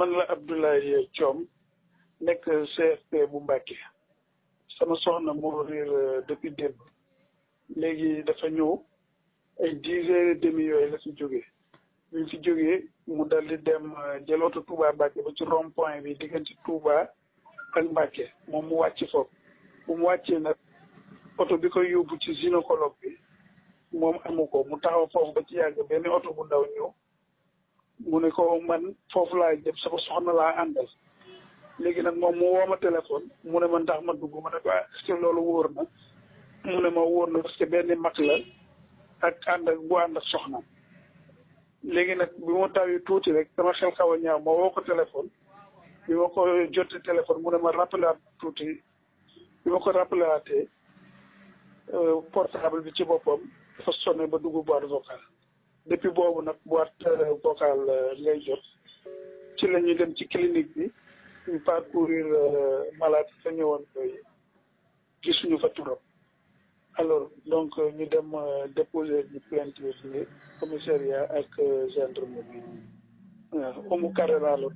man la Abdoulaye Thiom nekk CFP bu Mbàkke sama soxna moo réer euh, depuis démb léegi dafa ñëw ay dix heures et demi yooyu la fi jógee bi mu jógee mu dal di dem euh, jël oto Touba Mbàkke ba ci rond point bi diggante Touba ak Mbàkke moom mu wàcce foofu bu mu wàccee nag oto bi koy yóbbu ci gynécologue bi moom amu ko mu taxaw foofu ba ci yàgg benn oto bu ndaw ñëw mu ne ko man foofu laa jëm sama soxna laa àndal léegi nag moom mu woo ma téléphone mu ne ma ndax ma dugg ma ne ko ah, est loolu wóor na mu ne ma wóor na parce que benn mag la ak ànd ak bu ànd ak soxnaam léegi nag bi ma tawee tuuti rek dama xel xaw a ñaaw ma woo ko téléphone bi ma ko jotee téléphone mu ne ma rappelé tuuti bi ma ko rappelé waatee euh, portable bi ci boppam dafa sonné ba dugg boîte vocale depuis boobu nag boîte euh, vocale ngay euh, jot ci la ñuy dem ci clinique bi ñu parcourir euh, malade fa ñëwoon koy gisuñu fa turam alors donc ñu dem déposer ñu plainte bi commissariat ak gendarmerie waaw Oumou Karara la